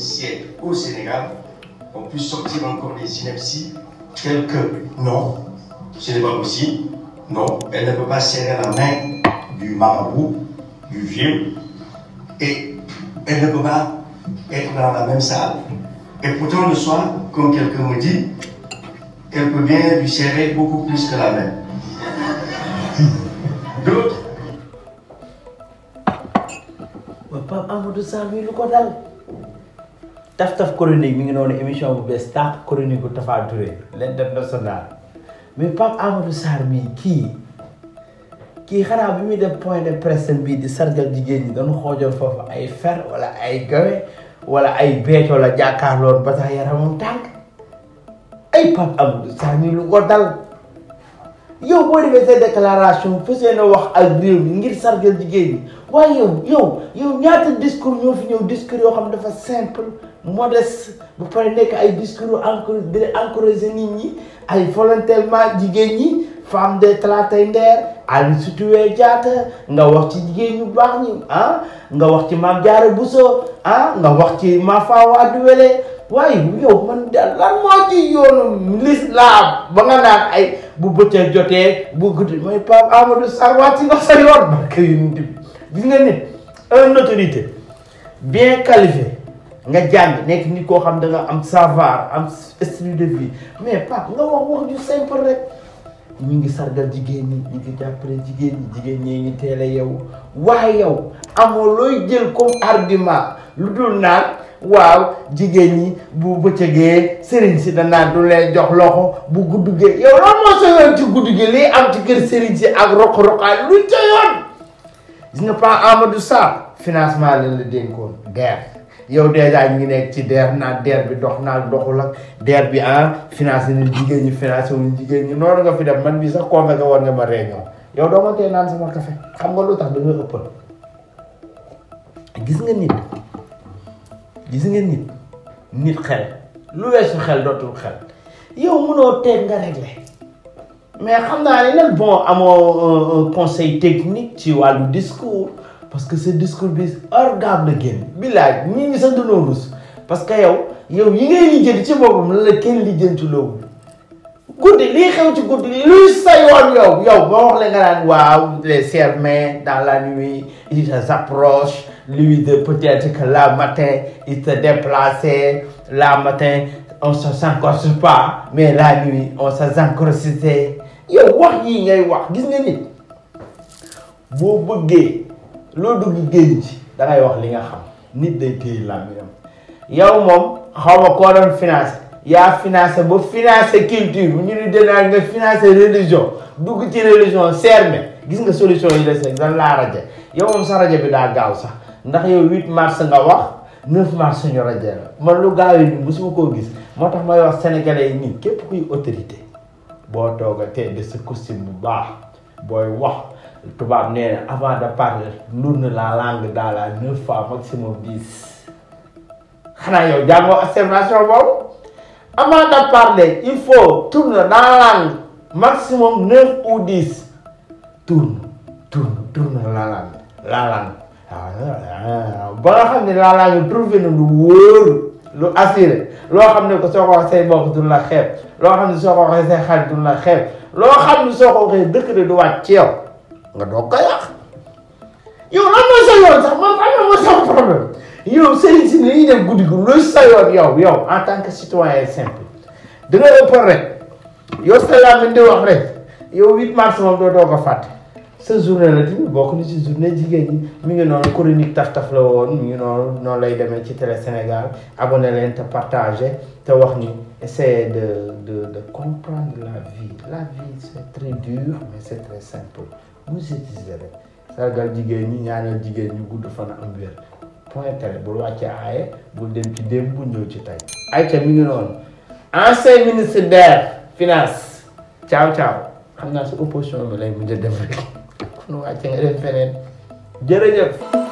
siècle au Sénégal, on puisse sortir encore des synapses telles que non, ce n'est pas possible, non, elle ne peut pas serrer la main du marabout, du vieux, et elle ne peut pas être dans la même salle. Et pourtant le soir, comme quelqu'un me dit, peut bien lui serrer beaucoup plus que la main. D'autres. Papa Amadou Sall mi lu ko dal taf taf chronique mi ngi noonu émission bu bees tàq chronique bu Tapha Touré l'international mais Pape Amadou Sarr mii kii kii xanaa bi muy def point de presse bii di sargal jigéen ñi doon xoojal foofu ay fer wala ay gawe wala ay beeto la jàkkaarloon ba tax yaramam tànk ay Pape Amadou Sarr mii lu ko yow boo defee sa déclaration fu seen wax ak réew mi ngir sargal jigéen ñi waaye yow yow yow ñaata discours ñoo fi ñëw discours yoo xam dafa simple modeste bu pare nekk ay discours encore di encourager nit ñi ay volontairement jigéen ñi femme de talatay ndeer Aline Sitoé jaata nga wax ci jigéen ñu baax ñi ah nga wax ci maam Mame bu Bousso ah nga wax ci Ma Fawa Adouele waaye yow man daal lan moo ci yoonu lislaam ba nga naan ay bu bëccëg jotee bu guddi mooy Pape Amadou Sarr wàcc nga sa yoon barke yu gis nga nit un autorité bien qualifié nga jàng nekk ni koo xam da nga am savoir am style de vie mais Pape nga wax wax ju simple rek ñu ngi sargal jigéen ñi ñu ngi jàppale jigéen ñi jigéen ñee ngi teel a yow waaye yow amoo looy jël comme argument lu dul naan waaw jigéen ñi bu bëccëgee sëriñ si danaa du leen jox loxo bu gudd gee yow loolu moo sa yoon gudd gi lii am ci kër sëriñ si ak roq-roqaay lu ca gis nga pas Amadou Sarr financement lañ la dénkoon DER yow dèjà ñu ngi nekk ci DER naa DER bi dox naa doxul ak DER bi ah finance nañ jigéen ñi financé wuñ jigéen ñi noonu nga fi dem man bi sax convoqué woon nga ma réunion yow doo ma tee naan sama café xam nga lu tax da nga ëppal gis nga nit gis nga nit nit xel lu weesu xel dootul xel yow mënoo teg nga réglé mais xam naa bon amoo euh, conseil technique ci wàllu discours parce que ce discours bi organe la génn billaay ñii ñi sax parce que yow yow yi ngay lijjanti ci la la lii xew ci guddi luy sa yoon yow yow boo la nga naan waaw les dans la nuit ils approchent lui de peut-être que la matin il se déplaçait la matin on se s'encrochait pas yow wax yii ngay wax gis nga nit boo bëggee loo dugg géej ji da ngay wax li nga xam nit day téye làmmiñam yow moom xaw ma koo doon financé yaa finance ba finance culture bu ñu ni dinaa nga financé religion dugg ci religion serme gis nga solution yi des nag dan laa raje yow moom sa rajo bi daa gaaw sax ndax yow 8 mars nga wax 9 mars suñu rajo la man lu gaaw yi ni mosuma koo gis moo tax may wax sénégalais yi nii képp kuy autorité boo toogatee de sa costume bu baax booy wax tubaab nee na avant de parler tourne la langue dans la neuf fois maximum dix xanaa yow jàngoo observation boobu avant de parler il fo tourne dans la langue maximum neuf ou dix tourne tourne tourne la langue la langue waaw ah, ah, ah. ba nga xam ne la na lu lu assuré loo xam ne ko soo ko waxee say mbokk duñ la xeeb loo xam ne soo ko waxee say xarit duñ la loo xam ne soo ko waxee dëkk de du wàcc ci yow nga doog ko yàq yow lan mooy sa yoon sax man fan la mooy sa problème yow sëriñ si ni ñuy def guddi gu lu sa yoon yow yow en tant que citoyen simple da nga ëppal rek yow sa làmmiñ di wax rek yow 8 mars moom doo doo ko fàtte sa journée la tamit bokk na ci journée jigéen ñi mi ngi noonu chronique taf taf la woon mu ngi noonu noonu lay demee ci télé Sénégal abonné leen te partagé te wax ni essayer de de de comprendre la vie la vie c'est très dur mais c'est très simple musetiser rek sargal jigéen ñi ñaanal jigéen ñu gudd fan am point télé bul wàcce aaye bul dem ci démb bu ñëw ci ay ayca mi ngi noonu ancien ministre des finance caaw caaw xam naa si opposition bi lay mujj def nu wàcce nga dem feneen jërëjëf